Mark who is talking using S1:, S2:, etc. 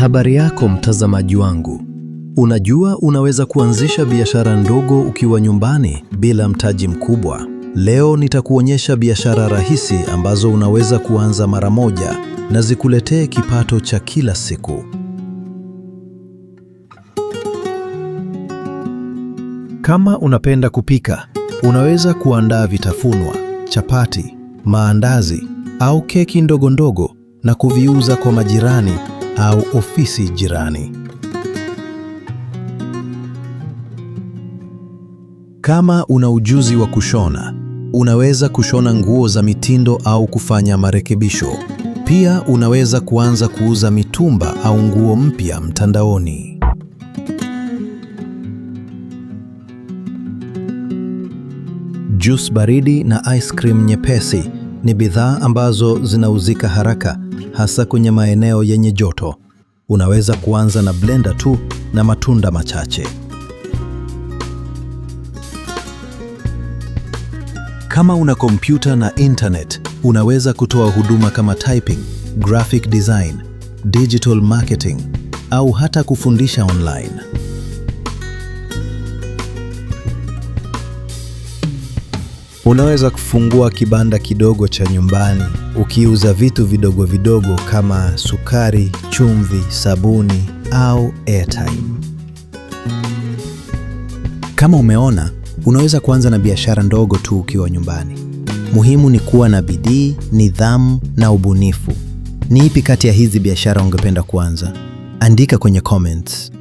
S1: Habari yako mtazamaji wangu. Unajua unaweza kuanzisha biashara ndogo ukiwa nyumbani bila mtaji mkubwa. Leo nitakuonyesha biashara rahisi ambazo unaweza kuanza mara moja na zikuletee kipato cha kila siku. Kama unapenda kupika, unaweza kuandaa vitafunwa, chapati, maandazi au keki ndogo ndogo na kuviuza kwa majirani au ofisi jirani. Kama una ujuzi wa kushona, unaweza kushona nguo za mitindo au kufanya marekebisho. Pia unaweza kuanza kuuza mitumba au nguo mpya mtandaoni. Juice baridi na ice cream nyepesi ni bidhaa ambazo zinauzika haraka, hasa kwenye maeneo yenye joto. Unaweza kuanza na blenda tu na matunda machache. Kama una kompyuta na internet, unaweza kutoa huduma kama typing, graphic design, digital marketing au hata kufundisha online. Unaweza kufungua kibanda kidogo cha nyumbani ukiuza vitu vidogo vidogo kama sukari, chumvi, sabuni au airtime. Kama umeona, unaweza kuanza na biashara ndogo tu ukiwa nyumbani. Muhimu ni kuwa na bidii, nidhamu na ubunifu. Ni ipi kati ya hizi biashara ungependa kuanza? Andika kwenye comments.